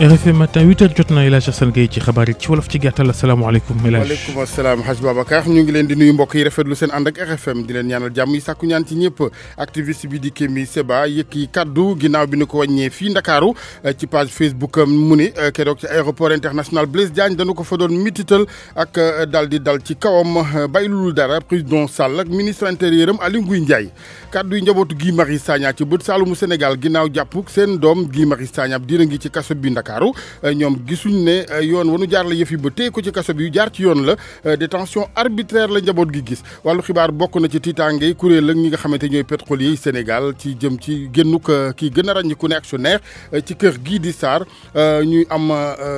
RFM matin 8h jot na El Hadj Assane Gueye ci xabaar yi ci wolof ci gàttal asalaamaaleykum El Hadj waaleykum asalaam Hadj Babacar ñu ngi leen di nuyu mbokk yi rafetlu seen ànd ak RFM di leen ñaanal jàmm yi sàkku ñaan ci ñëpp activiste bi di Kémi Seba yëkki kaddu ginnaaw bi ni ko wàññee fii Ndakaaru eh, ci page Facebook am mu ni eh, keroog ci aéroport international Blaise jaañ dañu ko fa doon mitital ak eh, daal di dal ci kawam bay lu dara président Sall ak ministre intérieur am Aly Ngouille Ndiaye kaddu yi njabootu Guy Marius Sagna ci bët Saalumu Sénégal ginnaaw jàpp seen doom Guy Marius Sagna ab ngi ci kaso bi Ndakaaru Ndakaaru euh, ñom gisuñ né euh, yoon wanu jaar la yëf yi ba téye ci kasso bi yu jaar ci yoon la euh, détention arbitraire la njaboot gi gis walu xibaar bokku na ci tiitaange yi ak ñi nga xamanté ñoy pétrolier Sénégal ci jëm ci génnuk kii gën a ràññiku ne actionnaire ci kër gii di sar ñuy am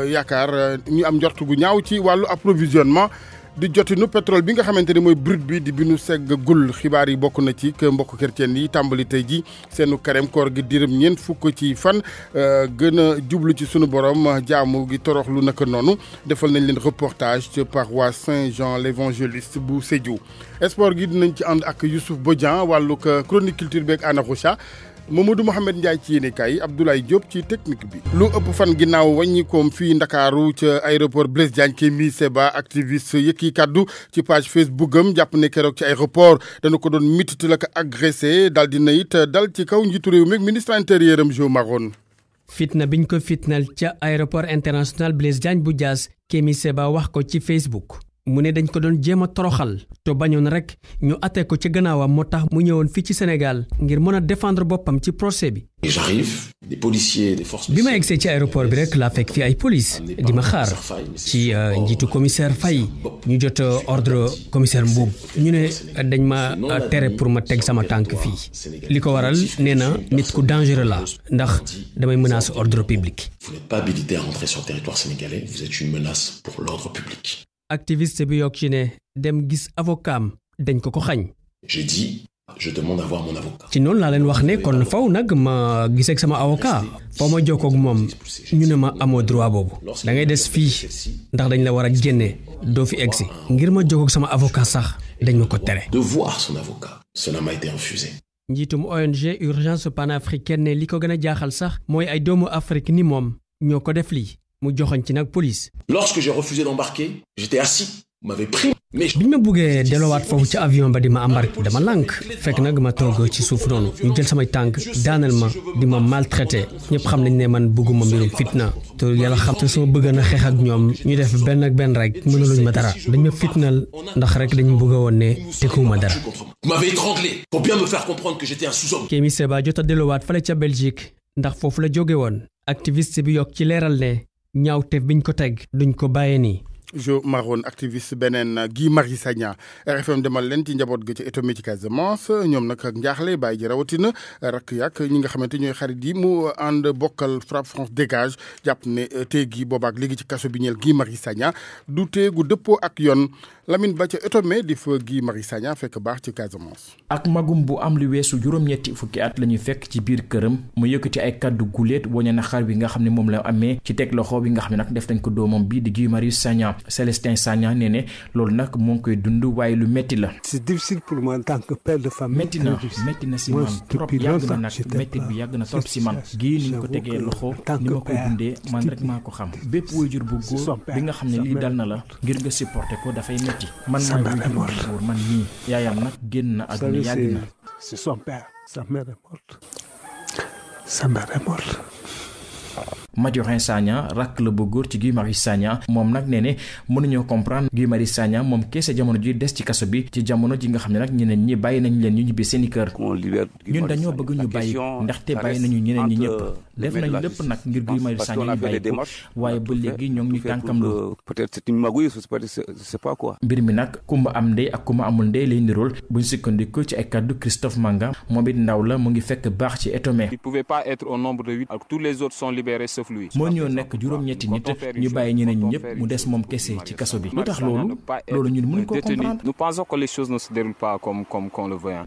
yakar ñu am jortu gu ñaaw ci walu approvisionnement di jotinu pétrole bi nga xamanteni moy brut bi di binu nu segg gul xibaar yi bokk na ci mbokk chrétien yi tambali tay ji senu karem koor gi diram ñeent fukk ci fan euh, gën a jublu ci sunu borom jaamu gi toroxlu naka nonu defal nañ leen reportage ci paroisse Saint-Jean l'Évangéliste bu Sédhiou sport gi dinañ ci and ak Youssouf Bodian wàllug euh, chronique culture bek Anna Mamadou Mouhamed Ndiaye ci yéenekaay yi Abdoulaye Diop ci technique bi lu ëpp fan ginnaaw waññikoom fii Ndakaaru ca aéroport Blaise Diagne Kémi Seba activiste yëkki kàddu ci page Facebook am jàpp ne keroog ci aéroport dana ko doon mititi la ko agressé daal dina it dal ci kaw njiitu réew mi ministre intérieur am Jo Marone fitna biñ ko fitnal ca aéroport international Blaise Diagne bu Diass Kémi Seba wax ko ci Facebook mu ne dañ ko doon jéem a toroxal te bañoon rek ñu atee ko ci gannaawam moo tax mu ñëwoon fii ci Sénégal ngir mën a defendre boppam ci procès bi. bi ma egsee ci aéroport bi rek laa fekk fi ay police di ma xaar ci euh, njiitu commissaire Faye ñu jot euh, ordre commissaire Mboub ñu ne dañ ma euh, tere pour ma teg sama tànk fii li ko waral nee na nit ku dangereux la ndax damay menace ordre public. Vous n'êtes pas activiste bi yokk ne dem gis avocaam dañ ko ko xagn j'ai dit je demande à voir mon avocat. ci la laa leen wax ne kon faw nag ma giseeg sama avocat faw ma ak mom ñu ne ma amo droit bobu da ngay des fi ndax dañ la wara a do fi egsi ngir ma ak sama avocat sax dañ ma ko de voir son avocat. cela m'a été refusé. njiitum ONG urgence panafricaine ne li ko gën jaaxal sax moy ay doomu Afrique ni mom ñoko def li mu ci police. lorsque j'ai refusé d'embarquer j'étais assis m'avait pris biñ ma buggee deloowaat foofu ci avion ba di ma embarqué dama lànk fekk nag ma toog ci suuf noonu ñu jël samay tànk daaneel ma di ma maltraité ñëpp xam nañ ne man bëgguma mbirum fitna te yàlla xam te sama bëgg na xeex ak ñoom ñu def benn ak benn rek mënaluñ ma dara dañ ma fitnal ndax rek dañ bëgg woon ne tekkuwuma dara Kémi Seba jot a fale ca Belgique ndax foofu la jóge woon activiste bi yokk ci leeral ne ñaawte biñ ko teg duñ ko bàyyee nii Jo Maroon activist beneen euh, Guy Marie Sagna RFM demal leen ci njaboot gi ci etomi ci Casamance ñoom nag ak njaaxle bàyyi ji rawatina rakk yàq ñi nga xamante ñooy xarit yi mu ànd bokkal FRAPP France dégage jàpp ne euh, tey gi boobaak léegi ci kaso bi ñeel Guy Marie Sagna du te gu dëppoo ak yoon Lamine ba ca étomé di fa Guy Marie Sagna fekk baax ci Casamance. ak magum bu am lu weesu juróom-ñetti fukki at la ñu fekk ci biir këram mu yëkkati ay kàddu guléet woñe na xar bi nga xam ne moom la amee ci teg loxo bi nga xam ne nag def nañ ko doomam bii di Guy Marie Sagna Célestin Sagna koy lu c'est difficile pour moi en tant que père de famille. Maintenant, na na si trop na bi trop si man. ni ko loxo ma ko dundé man rek mako xam bu bi nga dal na c'est son père. sa mère est Majorine Sagna rakk la bu góor ci Guy Marius Sagna moom nag nee ne mënuñoo comprendre Guy Marius Sagna moom kese jamono ji des ci kaso bi ci jamono ji nga xam ne nag ñeneen ñi bàyyi nañ leen ñu ñibbi seen i kër ñun dañoo bëgg ñu bàyyi ndaxte bàyyi nañu ñeneen ñi ñëpp def nañu lépp nag ngir Guy Marius Sagna ñu bàyyi ko waaye ba léegi ñoo ngi tànkam la mbir mi nag kumba am ndey ak kumba amul ndey lay nirool buñ sukkandiku ci ay kàddu Christophe Manga moom mën ñoo nekk juróom-ñetti nit ñu bàyyi ñeneen ñi ñëpp mu des moom kese ci kaso bi lu tax loolu loolu ñun mënuñ ko comprendre. nous pensons que les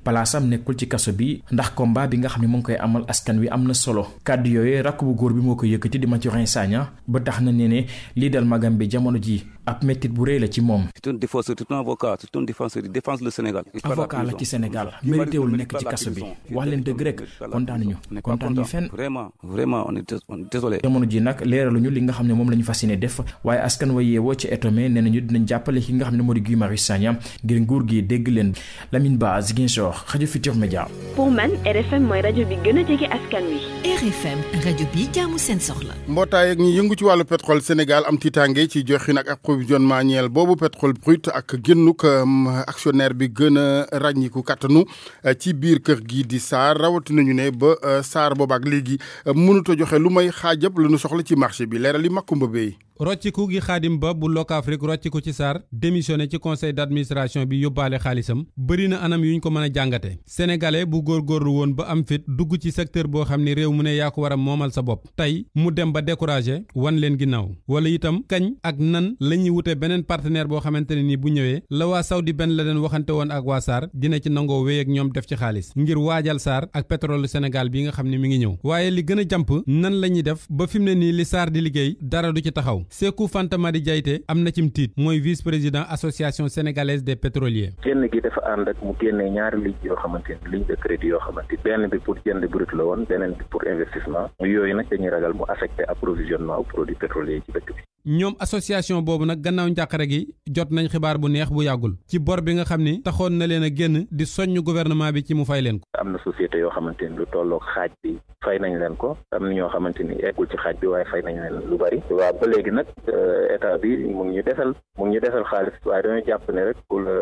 palaasam nekkul ci kaso bi ndax combat bi nga xam ne mu ngi koy amal askan wi am na solo kàddu yooyu rakk bu góor bi moo ko yëkkati di Mathurin Sagna ba tax na ne lii dal magam bi jamono ji ab mettit bu rëy la ci moom. c'est un défenseur c'est un avocat c'est un défenseur il défense le Sénégal. avocat la ci Sénégal méritéwul nekk ci kaso bi wax leen dëgg rek kontaan ñu kontaan ñu fenn. vraiment vraiment on est désolé. jamono ji nag leeraluñu li nga xam ne moom la ñu fas yéene def waaye askan wa yeewoo ci Etomé nee nañu dinañ jàppale ki nga xam ne moo di Guy Sagna ngir nguur gi dégg leen Lamine Ba Ziguinchor rajo futur media pour man RFM mooy rajo bi gën a jege askan wi. RFM rajo bi jaamu seen soxla. mbootaay ak ñi yëngu ci wàllu pétrole Sénégal am tiitaange ci joxin ak approvisionnement ñeel boobu pétrole brut ak génnuk euh, actionnaire bi gën a ràññiku kattanu euh, ci biir kër gi di SAR rawatina ñu ne ba euh, SAR boobaak léegi mënut a joxe lu may xaajab lu nu soxla ci marché bi leeral yi Makumba Bey rocciku gi xaadim ba bu Locafrique rocciku ci Sarr démissionné ci conseil d'administration bi yóbbaale xaalisam bëri na anam yu ñu ko mën a jàngate sénégalais bu góorgóorlu woon ba am fit dugg ci secteur boo xam ni réew mu ne yaa ko war a moomal sa bopp tey mu dem ba découragé wan leen ginnaaw wala itam kañ ak nan la ñuy wute beneen partenaire boo xamante ne ni bu ñëwee la waa benn Ben Laden waxante woon ak waa Sarr dina ci nangoo wéy ak ñoom def ci xaalis ngir waajal Sarr ak Sénégal bi nga xam ne mi ngi ñëw waaye li gën a jàmp nan la ñuy def ba fi mu ne nii li Sarr di liggéey dara du ci taxaw boobu Sékou Fanta Mari Diaité amna ci cim moy vice président association sénégalaise des pétroliers Kenn gi dafa and ak mu génnee ñaari ligne yo xamanteni ni ligne de crédit yo xamanteni benn bi pour jënd brut la won benen bi pour investissement yooyu nag dañuy ragal mu affecté approvisionnement au produit pétrolier ci dëkk bi ñoom association boobu nag gannaaw njàqare gi jot nañ xibaar bu neex bu yàggul ci bor bi nga xam ni taxoon na leen a génn di soññ gouvernement bi ci mu fay leen ko am na société yoo xamante ni lu tolloog xaaj bi fay nañ leen ko am na ñoo xamante ni eggul ci xaaj bi waaye fay nañ leen lu bari waaw ba léegi nag euh, état bi mu ñu desal mu ñu desal xaalis waaye dañoo jàpp ne rek ku la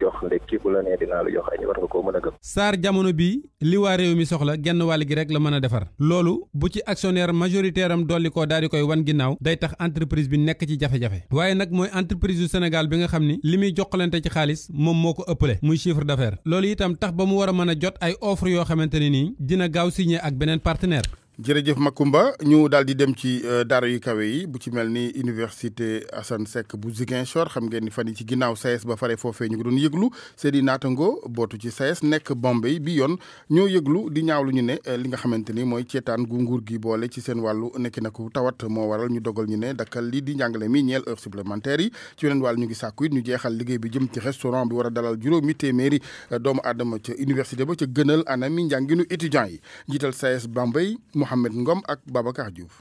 jox ndekki bu la nee dinaa la jox añ war ko koo mën a gëm saar jamono li waa réew mi soxla genn wàll gi rek la mën a defar loolu bu ci actionnaire majoritaire am dolli ko daal koy wan ginnaaw day tax entreprise bi nekk ci jafe-jafe waaye nag mooy entreprise du Sénégal bi nga xam ni li muy joxalante ci xaalis moom moo ko ëppale muy chiffre d'affaires loolu itam tax ba mu war a mën a jot ay offre yoo xamante ne nii dina gaaw signé ak beneen partenaire jërëjëf Makumba ñu daal di dem ci euh, daara yu kawe yi bu ci mel ni université Assane Seck bu Ziguinchor xam ngeen ni fan yi ci ginnaaw SAES e ba fare foofee ñu ngi doon yëglu seeni i naatango bootu ci SAES e nekk Bombay bi yoon ñoo yëglu di ñaawlu ñu ne euh, li nga xamante ni mooy ceetaan gu nguur gi boole ci seen wàllu nekki na ko tawat moo waral ñu dogal ñu ne dakkal lii di njàngale mi ñeel heure supplémentaire yi ci weneen wàll ñu ngi sàkku it ñu jeexal liggéey bi jëm ci restaurant bi war a dalal juróomi euh, doomu aadama université ba ca gënal anami njànginu étudiant yi njiital SAES e Bombay Mouhamed Ngom ak Babacar Diouf.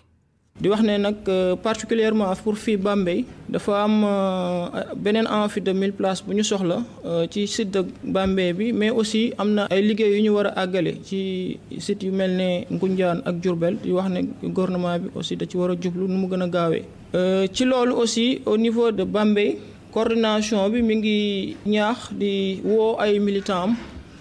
di wax ne nag euh, particulièrement pour fii Bambey dafa am euh, beneen amphi de mille places bu ñu soxla euh, ci site de Bambey bi mais aussi am na ay liggéey yu ñu war a àggale ci site yu mel ne Ngunjaan ak Diourbel di wax ne gouvernement bi aussi da ci war a jublu nu mu gën a gaawee. ci loolu aussi au niveau de Bambey coordination bi mi ngi ñaax di woo ay militants am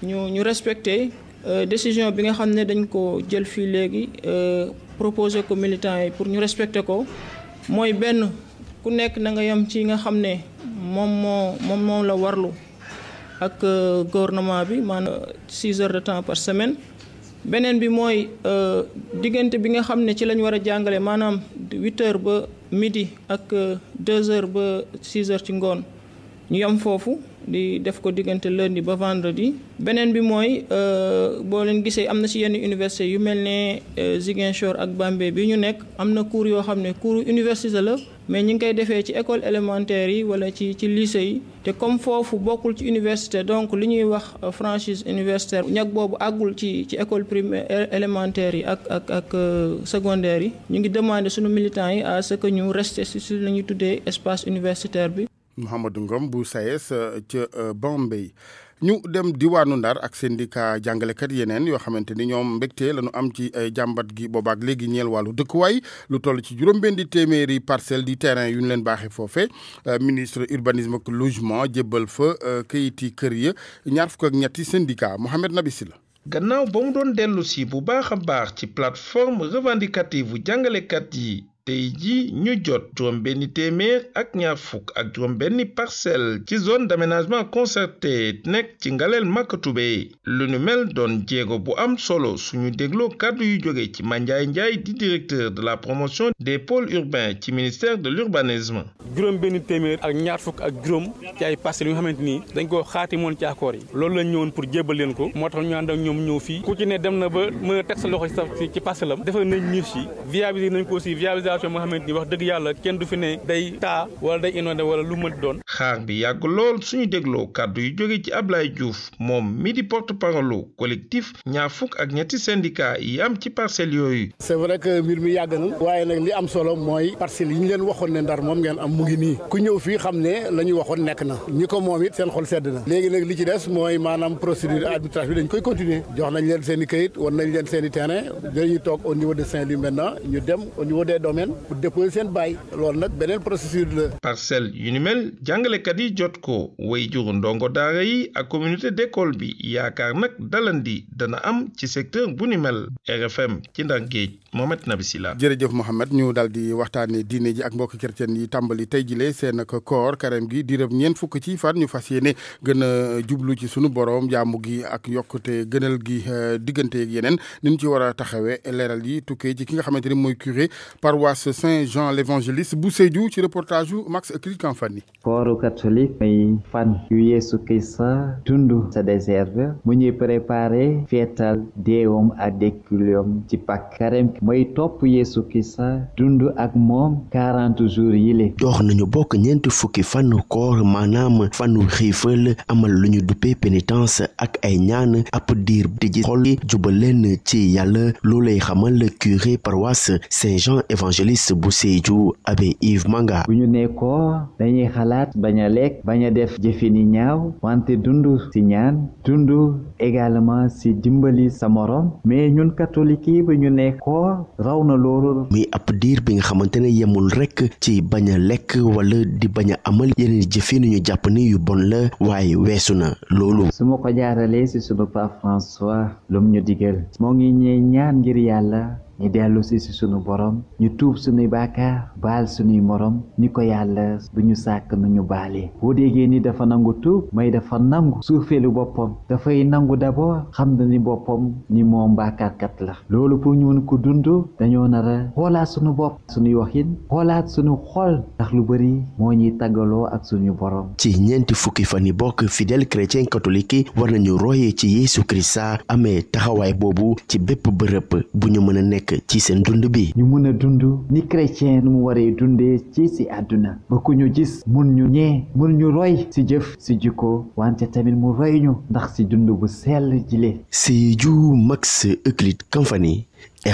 ñu ñu respecté. Euh, décision bi nga xam ne dañ ko jël fii léegi euh, proposé ko militants yi pour ñu respecter ko mooy benn ku nekk na nga yem ci nga xam ne moom moo moom moom la warlu ak euh, gouvernement bi maanaam six heures de temps par semaine beneen bi mooy diggante bi nga xam ne ci lañ war a jàngale maanaam huit ba midi ak deux heures ba six heures ci ngoon ñu yem foofu di def ko diggante lundi ba vendredi beneen bi mooy euh, boo leen gisee am na ci yenn université yu mel ne euh, Ziguinchor ak Bambey bi ñu nekk am na cours yoo xam ne cours université la mais ñi ngi koy defee ci école élémentaire yi wala ci ci lycée yi te comme foofu bokkul ci université donc li ñuy wax euh, franchise universitaire ñag boobu àggul ci ci école primaire élémentaire yi ak ak ak secondaire yi ñu ngi demander suñu militants yi à ce que ñu rester ci su la ñuy tuddee espace universitaire bi Mouhamadou Ngom bu SAES e euh, ca euh, Bambey ñu dem diwaanu Ndar ak syndicat jàngalekat yeneen yoo xamante ni ñoom mbégte la ñu am ci euh, jàmbat gi boobaak léegi ñeel wàllu dëkkuwaay lu toll ci juróom-benn di téeméeri parcelle di terrain yu ñu leen baaxee foofe ministre urbanisme ak logement jébbal fa kayiti kër ya ñaar fukk ak ñetti syndicat Mouhamed Nabi Sylla gannaaw ba mu doon dellu si bu baax a baax ci plateforme revendicative bu jàngalekat yi tey ji ñu jot juróom benni téeméer ak ñaar fukk ak juróom benni parcelle ci zone d'aménagement concerté nekk ci ngaleel Màkkatube lu ñu mel doon jéego bu am solo suñu dégloo kàddu yu jóge ci Mandiaye Ndiaye di directeur de la promotion des pôles urbains ci ministère de l'urbanisme juróom benni téeméer ak ñaar fukk ak juróom ci ay parcelle yu nga xamante ni dañ koo xaati moon ci accord yi loolu la ñëwoon pour jébbal leen ko moo tax ñu ànd ak ñoom ñëw fii ku ci ne dem na ba mën a teg sa loxo ci parcelle am defal nañ ñu si viabilité nañ ko aussi viabilité situation moo ni wax deug yalla kenn du fi ne day ta wala day inondé wala lu mënti doon. xaar bi yag lool suñu dégloo kaddu yu jóge ci Ablaye Diouf mom midi porte parole collectif ñaafuk ak ñetti syndicat yi am ci parcelle yoyu c'est vrai que mbir mi yag na waye nak li am solo moy parcelle yi ñu leen waxon ne ndar mom ngeen am mu ngi nii ku ñew fi xam lañu waxon nek na ñiko momit moom seen xol sedd na léegi nag li ci dess moy manam procédure arbitrage bi dañ koy continuer jox nañ leen seen keuyit won nañ leen seen terrain dañuy tok au niveau de Saint-Louis maintenant ñu dem au niveau des domaines leen pour seen bail loolu nag beneen procédure la. parcelle yu ni mel jàngalekat yi jot ko way juru ndongo daara yi ak communauté d'école bi yaakaar nag dalandi dana am ci secteur bu ni mel RFM ci Ndar Géej Mohamed Nabi Sylla jërëjëf Mohamed ñu daal di waxtaane diine ji ak mbokk chrétien yi tàmbali tey jile seen ak koor karem gi diirëm ñeent fukk ci fan ñu fas yéene gën a jublu ci sunu borom jaamu gi ak yokkute gënal gi euh, diggante yeneen ni ñu ci war a taxawee leeral yi tukkee ci ki nga xamante ni mooy curé paroisse Saint-Jean l'Évangéliste bu Sédhiou ci reportage yu Max Ecri Kanfani kooru catholique muy fan yu Yeesu Krista dund sa désert mu ñuy préparé feetal mooy topp Yeesu Kirista dund ak moom 40 jours yi le dox nañu bokk ñeent fukki fanu koor maanaam fanu xiifal amal lu ñu duppee pénitence ak ay ñaan ap diir tijji xol yi jubal leen ci yàlla loo xamal curé paroisse Saint-Jean évangéliste bu Sédhiou abbé Yves Manga bu ñu nee dañuy xalaat bañ a lekk bañ a def jëfini ñaaw wante dund ci ñaan dund également ci dimbali sa morom mais ñun catholique yi bu ñu dara raw na loolu muy ab diir bi nga xamante ne yemul rekk ci bañ a lekk wala di bañ a amal yeneen jëfin ñu jàpp ni yu bon la waaye weesu na loolu su ma ko jaaralee si sunu Pape François lu mu ñu digal moo ngi ñee ñaan ngir yàlla ñu dellu si si sunu borom ñu tuub sunuy baakaar baal sunuy morom ni ko yàlla bu ñu sàkk nañu baale baalee boo déggee ni dafa nangu tuub may dafa nangu suufeelu boppam dafay nangu d'abord xam na ni boppam ni moom baakaarkat la loolu pour ñu mën ko dund dañoo nar a xoolaat sunu bopp sunuy waxin xoolaat sunu xol ndax lu bëri moo ñuy taggaloo ak suñu borom ci ñeenti fukki fan yi bokk fidèle chrétien catholique yi war nañu royee ci Yeesu Kirista amee taxawaay boobu ci bépp bërëb bu ñu mën a nekk ci seen dund bi ñu mën a dund ni chrétien nu mu waree dundee ci si àdduna ba ku ñu gis mun ñu ñee mun ñu roy si jëf si jikko wante tamit mu roy ñu ndax si dund bu sell jile si ju Max Euclide Kamfani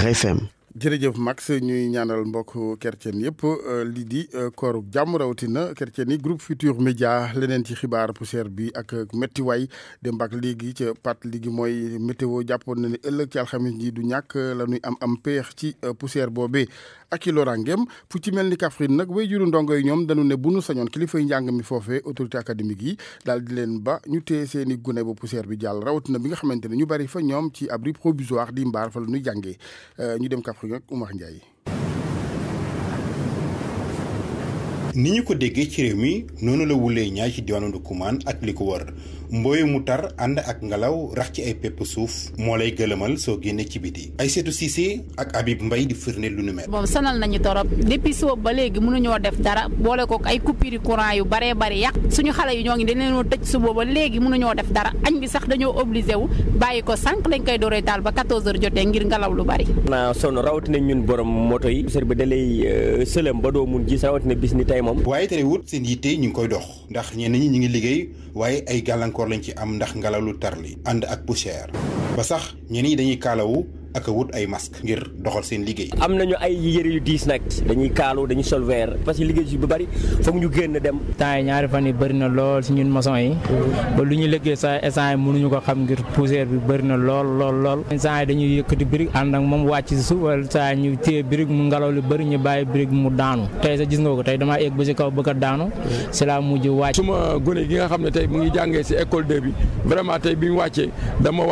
RFM jërëjëf Max ñuy ñaanal mbokk kercen yëpp euh, lii di euh, kooru jàmm rawatina kercen yi groupe Futur Média leneen ci xibaar poussière bi ak méttiwaay démb ak léegi ci pat léegi mooy météo jàppoon na ne ëllëg ci alxamis ji du ñàkk la ñuy am am peex ci euh, poussière boobee ak i fu ci mel ni Kaffrine nag way juru ndongo yi ñoom dañu ne bu nu sañoon kilifay njàng mi foofee autorité académique yi daal di leen ba ñu téye seen i gune ba poussière bi jàll rawatina bi nga xamante ne ñu bari fa ñoom ci abri provisoire di mbaar fa la ñuy jàngee euh, ñu dem Kaffrine ak Oumar Ndiaye. ni ñu ko déggee ci réew mi noonu la wulee ñaay ci diwaanu Ndoukoumane ak li ko wër mbooyu mutar anda ak ngelaw rax ci ay pépp suuf moo lay gëlëmal soo génne ci biti ay ak abib mbay di firnde lu nu mel moom sanal nañu torop depuis suba ba léegi mënuñoo def dara boole ko ay coupure courant yu bare bare yàq suñu xale yi ñoo ba léegi mënuñoo def dara añ bi sax dañoo obligé wu bàyyi ko lañ koy dooree taal ba 14 heures jotee ngir ngelaw lu bari na ñun borom moto yi sër dalay euh, ba mun bis ni wut seen ñu koy dox ndax ñi ngi liggéey ay gàllankoor lañ ci am ndax ngelaw lu tar li ànd ak poussière ba sax ñenn ñi dañuy kalawu ak a wut ay masque ngir doxal seen liggéey. am nañu ay yëre yu diis nag dañuy kaalu dañu sol verre parce que liggéey yu bu bari foog ñu génn dem. temps yi ñaari fan yi bëri na lool si ñun maçon yi ba lu ñu liggéey sa instant yi mënuñu ko xam ngir poussière bi bëri na lool lool lool. instant yi dañuy yëkkati birig ànd ak moom wàcc si suuf wala saa ñu téye birig mu ngelaw li bëri ñu bàyyi birig mu daanu tey sa gis nga ko tey damaa egg ba si kaw bëgg a daanu si laa mujj wàcc. suma nga xam ne tey mu jàngee si école 2 bi vraiment tey bi ñu wàccee dama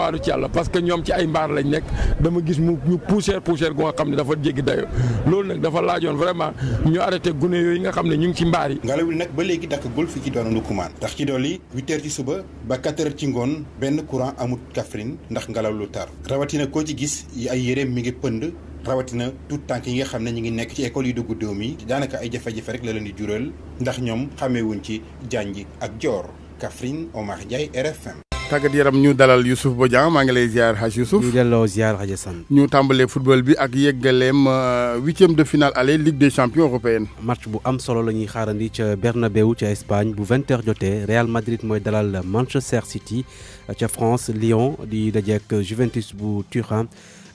ñoom ci ay mbaar lañ nekk dama gis mu ñu poussière poussière gu nga xam ne dafa jéggi dayoo loolu nag dafa laajoon vraiment ñu arrêté gune yooyu nga xam ne ñu ngi ci mbaar yi. ngelaw li nag ba léegi dakkagul fi ci doon Ndoukoumane. ndax ci dolli huit heures ci suba ba quatre heures ci ngoon benn courant amut Kaffrine ndax ngelaw lu tar rawatina koo ci gis ay yéreem mi ngi pënd. rawatina tout tànk yi nga xam ne ñu ngi nekk ci école yi dugg doom yi daanaka ay jafe-jafe rek la leen di jural ndax ñoom xamewuñ ci jànj ak joor Kaffrine Omar Ndiaye RFM tàggat yaram ñu dalal yusuf Bodian ma ngi lay ziar Hadj yusuf ñu delloo ziar Hadj San ñu tàmbalee football bi ak yeggaleem euh, huitième de finale aller Ligue des champions européenne. match bu am solo la ñuy xaarandi ca Bernabeu ca Espagne bu 20 heures jotee Real Madrid mooy dalal Manchester City euh, ca France Lyon di dajeek Juventus bu Turin.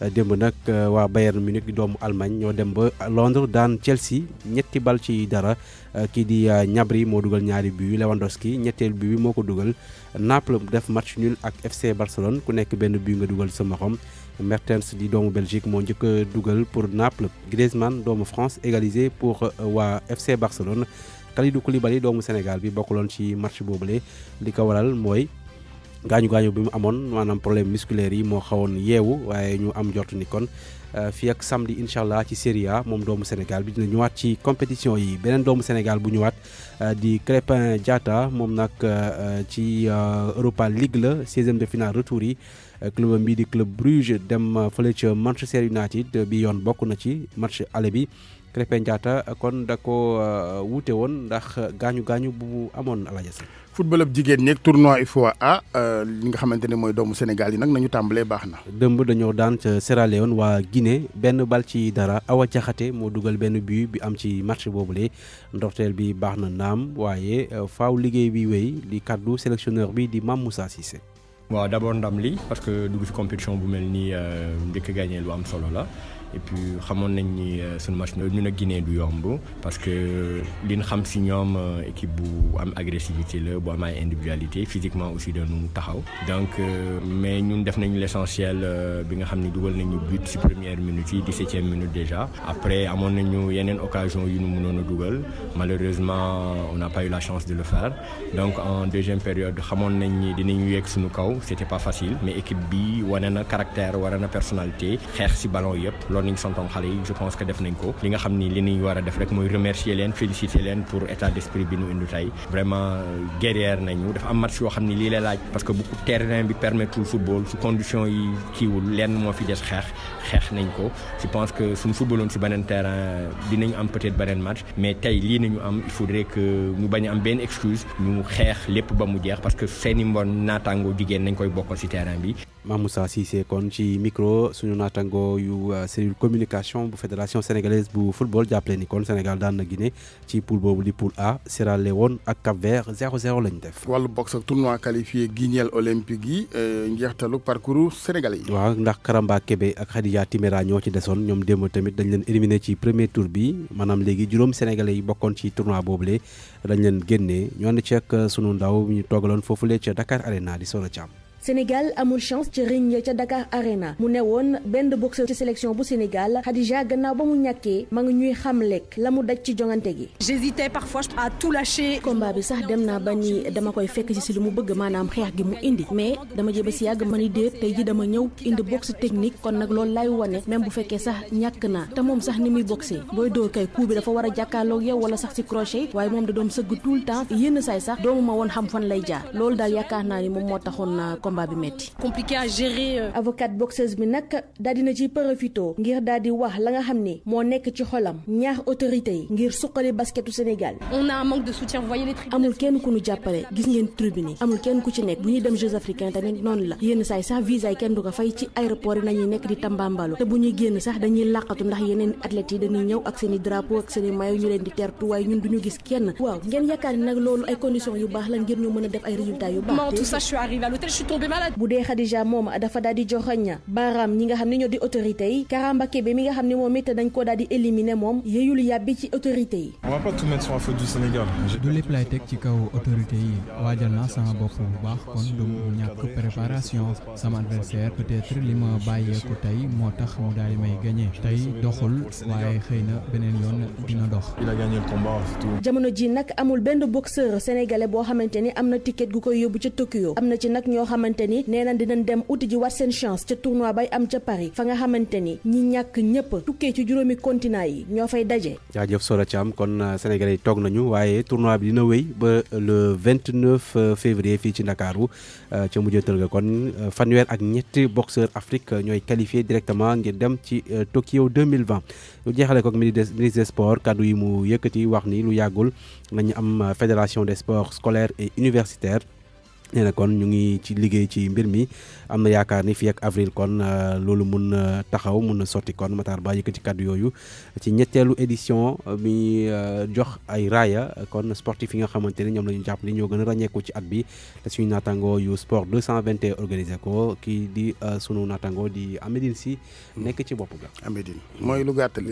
Euh, démb nag euh, waa Bayern Munich doomu Allemagne ñoo dem ba Londres daan Chelsea ñetti bal ci dara euh, kii di ñabri moo dugal ñaari bi Lewandowski ñetteel bi moo ko dugal Naples def match nul ak FC Barcelone ku nekk benn bi nga dugal sa xom Mertens di doomu Belgique moo njëkk dugal pour Naples Griezmann doomu France égalisé pour waa FC Barcelone Kalidou Koulibaly doomu Sénégal bi bokkuloon ci match boobule li ko waral mooy. gaañu gaañu bi mu amoon maanaam problème musculaire yi moo xawoon yeewu waaye ñu am njort ni kon euh, fii ak samedi incha allah ci Serie moom doomu Sénégal bi dina ñëwaat ci compétition yi beneen doomu Sénégal bu ñu waat euh, di Crépin Diatta moom nag euh, ci Europa League la 16e de finale retour yi club bi di club Bruges dem fële ca Manchester United bi yoon bokk na ci match aller bi. Krépin Diatta kon da ko euh, wuute woon ndax gaañu gaañu bu mu amoon Alaaji Assane football ab jigéen ñeeg tournoi UFOA A euh, li nga xamante ne mooy doomu Sénégal yi nag nañu tàmbalee baax na. dëmb dañoo daan ca Sierra waa Guinée benn bal ci dara Awa Jaxate moo dugal benn but bi am ci match boobule ndoxteel bi baax na naam waaye euh, faaw liggéey bi wéy li kàddu sélectionneur bi di Mame Moussa Cissé. waaw d' abord ndam li parce que dugg ci compétition bu mel nii njëkk gagné lu am solo la. et puis xamoon nañ ni ce euh, match ñu Guinée du yomb parce que li ñu xam si ñom euh, équipe bu am agressivité la bu am individualité physiquement aussi nous taxaw donc euh, mais ñun def nañ l'essentiel bi nga xam ne but ci première minute ci dix-septième minute déjà après amoon ñu yenen occasion yu ñu mënoon duggal malheureusement on n'a pas eu la chance de le faire donc en deuxième période xamoon nañ ni dinañu yegg suñu kaw c'était n'était pas facile mais équipe bi wane na caractère wane na personnalité xex ci ballon yépp waroon nañ santoon yi je pense que def nañ ko li nga xamni li ni wara a def rek moy remercier leen féliciter leen pour état d'esprit bi ñu indou tay vraiment guerrière nañu dafa am match yo xamni li lii la laaj parce que beaucoup terrain bi permettre football Sous condition yi kiiwul lenn mo fi des xex xex nañ ko je pense que suñu footballoon ci beneen terrain dinañ am peut-être beneen match mais tay li nañu am il faudrait que nous bañ am ben excuse ñu xex lepp ba mu jeex parce que seeni mbon natango jigéen nañ koy bokkal ci terrain bi Mamoussa Moussa Cissé kon ci micro suñu natango yu euh, cellule communication bu fédération sénégalaise bu football jàppale ni kon Sénégal dans na Guinée ci poule bobu di poule A Sierra Leone ak Cap Vert 0-0 lañ def. walu boxe ak tournoi qualifié guinéen olympique yi euh, njeextalu parcours sénégalais wa waaw ndax Karamba Kébé ak Khadija Timéra ñoo ci déssone ñom démb tamit dañ leen éliminé ci premier tour bi manam légui juroom sénégalais yi bokkoon ci tournoi boobule dañ leen génnee ñoo ci ak suñu ndaw ñu fofu lé ci Dakar Arena di Sona Thiam. Senegal amul chance ci ya ca Dakar Arena mu newoon benn boxeur ci sélection bu Sénégal Khadija gannaaw ba mu ñàkkee ma ngi ñuy xam lekk la daj ci jongante gi. j'hésitais parfois à tout lâcher. combat bi sax dem naa ba ni dama koy fekk ci si lu mu bëgg maanaam xeex gi mu indi mais dama jéem a si yàgg ma ni déet ji dama ñëw indi boxe technique kon nag loolu lay wane même bu fekkee sax ñàkk naa te moom sax ni muy boxé booy dóor kay coup bi dafa war a yow wala sax ci crochet waaye moom da doon sëgg tout le temps yenn saay sax doomu ma woon xam fan lay jaar loolu daal yaakaar ni moom moo taxoon euh, combat bi metti compliqué à gérer. Euh. avocate boxeuse bi nak dal dina ci profito ngir dal di wax la nga xamni mo nek ci xolam ñaar autorité yi ngir suqali basketu Sénégal. on a un manque de soutien vous voyez les tribunaux. amul kenn ku ñu jappalé gis ngeen tribune amul kenn ku ci nek bu ñuy dem Jeux africains tamit non la yeen say sa visa ay kenn du ko fay ci aéroport yi nañuy nekk di tambambalo te bu ñuy génn sax dañuy laqatu ndax yeneen athlètes yi dañuy ñew ak seen drapeau ak seen maillot ñu leen di tertu way ñun duñu gis kenn waaw ngeen yaakaar ni lolu ay conditions yu baax la ngir ñu mëna def ay résultats yu baax tout ça je suis à l'hôtel je suis bu dee Khadija mom dafa daal joxagna baram ñi nga xamni ñoo di autorité yi Karamba Kébé mi nga xamni mom moom dañ ko daal éliminer mom yeyul yàbbi ci autorité yi du lépp lay tek ci kaw autorité yi wajal na sama bop bu baax kon du ñak préparation sama adversaire peut-être li ma baye ko tay motax mu daal may gagner tay doxul waye xeyna benen yoon dina dox jamono ji nak amul benn boxeur sénégalais bo xamanteni amna ticket gu koy yobu ci Tokyo amna ci nak ño xam xamante ni dinañ dem uti ji war sen chance ci tournoi bay am ci Paris fa nga xamanteni ñi ñak ñëpp tukkee ci juroomi continent yi ño fay dajé daje. jaajëf ci am kon euh, Sénégalais tok nañu wayé tournoi bi dina wéy ba le 29 euh, février fi ci Ndakaaru mu euh, mujjantal ga kon fanweer ak ñetti boxeur Afrique ñooy qualifié directement ngir dem ci Tokyo 2020 lu jeexale ko ministre des sports kàddu yi mu yëkëti wax ni lu yagul nañu am fédération des sports scolaires et universitaires nee kon ñu ngi ci liggéey ci mbir mi am na yaakaar ni fi ak avril kon euh, loolu mun na taxaw mun na sotti kon Matar Ba yëkkati kàddu yooyu ci ñetteelu édition mi euh, jox ay raaya kon sportif yi nga xamante ne ñoom la jàpp ni ñoo gën a ràññeeku ci at bi te suñu naataango yu sport 221 organisé ko kii di euh, sunu naataango di Amédine si nekk ci bopp ga Amédine mooy lu gàttali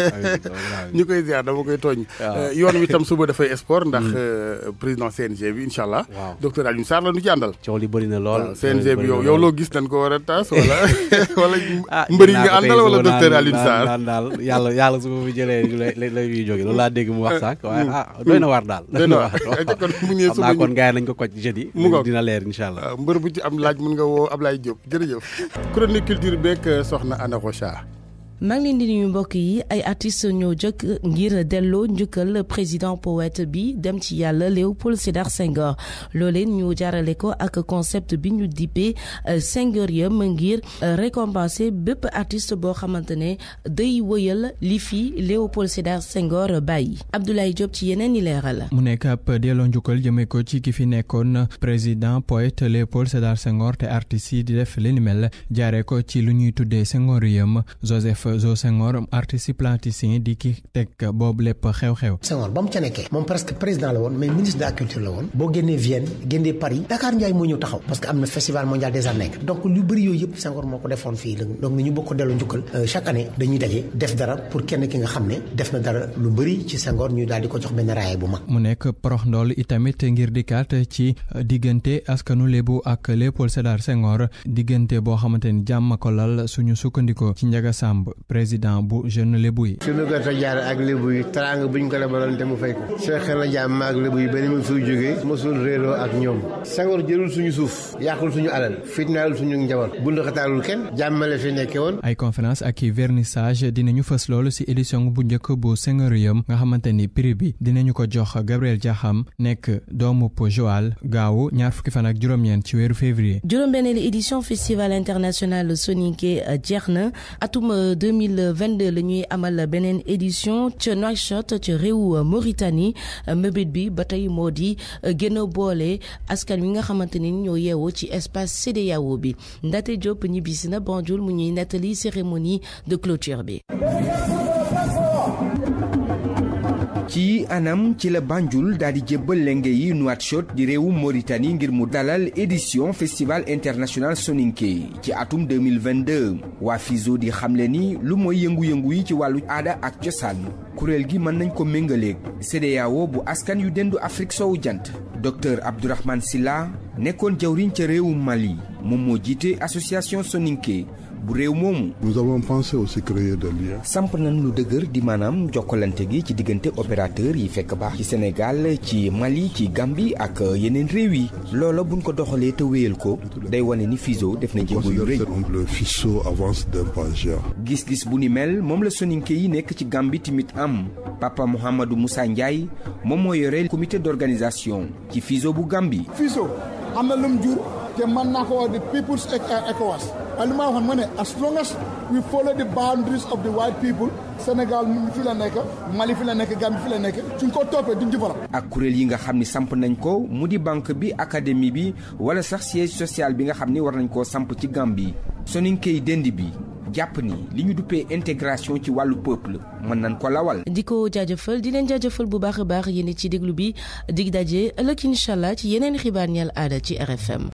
ñu koy ziar dama koy tooñ yoon wi tam suba dafay sport ndax mm. président CNG bi incha allah docteur Sarr la nu ci àndal. coow li bëri na lool. CNG bi yow yow loo gis dañ ko war a tas wala. wala ah, mbëri nga àndal wala docteur Alioune Sarr ah daal yàlla yàlla su ma fi jëlee lay lay yuy loolu laa dégg mu wax sax mm. waaye ah doy na waar daal. doy na waar kon mu nañ ko koj jeudi. dina leer incha allah. mbër bu ci am laaj mën nga woo Ablaye Diop jërëjëf. chronique culture beeg soxna Ana Rocha maa ngi leen di nuyu mbokk yi ay artistes ñoo jëkk ngir delloo njukkal président poète bi dem ci yàlla Léopold Sédar Senghor looleen ñu jaarale ko ak concept bi ñu dippee euh, Senghorium ngir euh, récompenser bépp artiste boo xamante ne day wëyal li fi Léopold Sédar Senghor bàyyi Abdoulaye Diop ci yeneen i leeral. mu nekk ab delloo njukkal jëmee ko ci ki fi nekkoon président poète Léopold Sédar Senghor te artistes yi di def li ni mel jaaree ko ci lu ñuy tuddee Senghorium Joseph. Joe Senghor artiste yi plasticien di ki teg boobu lépp xew-xew. Senghor ba mu ca nekkee moom presque président la woon mais ministre de culture la woon boo génnee Vienne génnee Paris Dakar Ndiaye moo ñëw taxaw parce que am na festival mondial des arts nègres donc lu bëri yooyu yëpp Senghor moo ko defoon fii donc ñu bokk dellu njukkal euh, chaque année dañuy daje def dara pour kenn ki nga xam ne def na dara lu bëri ci Senghor ñu daal ko jox benn raaya bu président bu jeune lébu yi. suñu gerte jaar ak lébu yi taraanga buñ ko lebaloon te mu fay ko. Cheikh na jaam maag lébu yi benn mu fiy jógee. musul reelo ak ñom Senghor jëlul suñu suuf. yaqul suñu alal. fitnaalul suñu njaboot. bundu xataalul ken jamale fi nekke woon. ay conférence ak i vernissage dinañu fës loolu ci édition bu njëkk bu Senghorium nga xamanteni prix bi dinañu ko jox Gabriel Diakham nek doomu po Joal gaawu ñaar fukki fan ak juroom ñeen ci weeru février. juroom benneelu édition festival international sonique euh, jeex na atum euh, 2022 la amal Benen édition ca Shot ca réew Mauritanie Mebedbi bi batay modi gëna di euh, boole askan nga ñoo espace CEDEAO bi Ndaté ñibisina mu ñuy cérémonie de clôture B. ci anam ci la Banjul daal di jébbal lenge yi Nouakchott di réewu Mauritanie ngir mu dalal édition festival international soninké ci atum 2022 waa FISO di xamle ni lu mooy yëngu-yëngu yi ci wàllu aada ak cosaan kuréel gi mën nañ ko méngaleeg CEDEAO bu askan yu dendu Afrique soowu jant docteur Abdourahmane Silla nekkoon jawriñ ca réewum Mali moom moo jiite association soninké bu nous avons pensé aussi créer des liens. samp nañ lu dëgër di maanaam jokkalante gi ci diggante opérateur yi fekk ci Sénégal ci Mali ci Gambie ak yeneen réew yi loola buñ ko doxalee te wéyal ko day ni FISO def na jéego yu FISO avance d'un mel moom Gambie am papa Mohamed Moussa Ndiaye moom moo comité d'organisation ci FISO bu Gambie. FISO am lum jur te ko People's ECOWAS man li ma waxoon ma ne as long as we follow the boundaries of la nekk Mali fi la ko toppee duñ ak kuréel yi nga xam ni samp nañ ko mu di banque bi académie bi wala sax siège social bi nga xam ni war nañ koo samp ci Gambie Soninké Dendi bi jàpp ni li ñu duppee intégration ci wàllu peuple mën nañ ko lawal. di ko jaajëfal di leen jaajëfal bu baax a baax yéen ci déglu bi dig daje ëllëg incha allah ci yeneen xibaar ñeel aada ci RFM.